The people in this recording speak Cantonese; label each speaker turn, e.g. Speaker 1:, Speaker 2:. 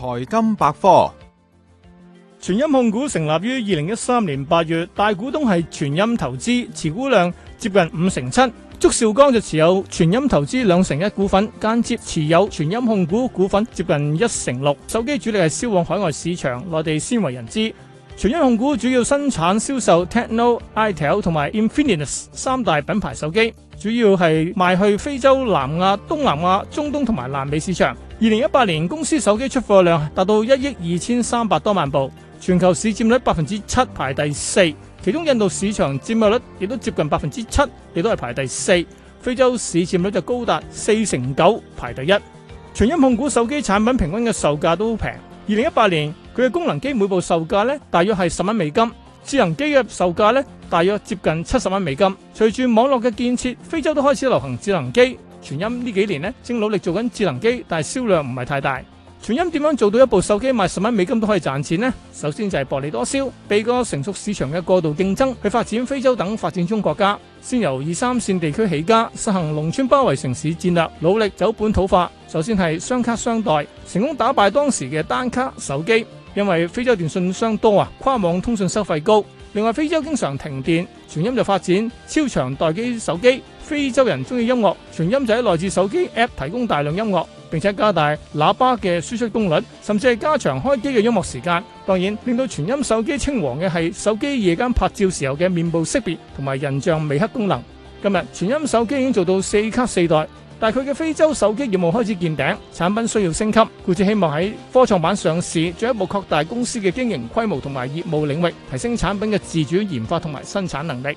Speaker 1: 財金百科，傳音控股成立於二零一三年八月，大股東係傳音投資，持股量接近五成七。竺兆江就持有傳音投資兩成一股份，間接持有傳音控股股份接近一成六。手機主力係銷往海外市場，內地鮮為人知。傳音控股主要生產銷售 Techno、itel 同埋 Infinix 三大品牌手機，主要係賣去非洲、南亞、東南亞、中東同埋南美市場。二零一八年公司手機出貨量達到一億二千三百多萬部，全球市佔率百分之七排第四，其中印度市場佔有率亦都接近百分之七，亦都係排第四。非洲市佔率就高達四成九，排第一。傳音控股手機產品平均嘅售價都好平。二零一八年佢嘅功能機每部售價呢大約係十蚊美金，智能機嘅售價呢大約接近七十蚊美金。隨住網絡嘅建設，非洲都開始流行智能機。傳音呢幾年呢，正努力做緊智能機，但係銷量唔係太大。傳音點樣做到一部手機賣十蚊美金都可以賺錢呢？首先就係薄利多銷，避過成熟市場嘅過度競爭，去發展非洲等發展中國家，先由二三線地區起家，實行農村包圍城市戰略，努力走本土化。首先係雙卡雙待，成功打敗當時嘅單卡手機，因為非洲電信商多啊，跨網通訊收費高。另外，非洲經常停電，傳音就發展超長待機手機。非洲人中意音樂，傳音就喺內置手機 App 提供大量音樂，並且加大喇叭嘅輸出功率，甚至係加長開機嘅音樂時間。當然，令到傳音手機稱王嘅係手機夜間拍照時候嘅面部識別同埋人像微黑功能。今日傳音手機已經做到四卡四待。但佢嘅非洲手機業務開始見頂，產品需要升級，故此希望喺科創板上市，進一步擴大公司嘅經營規模同埋業務領域，提升產品嘅自主研發同埋生產能力。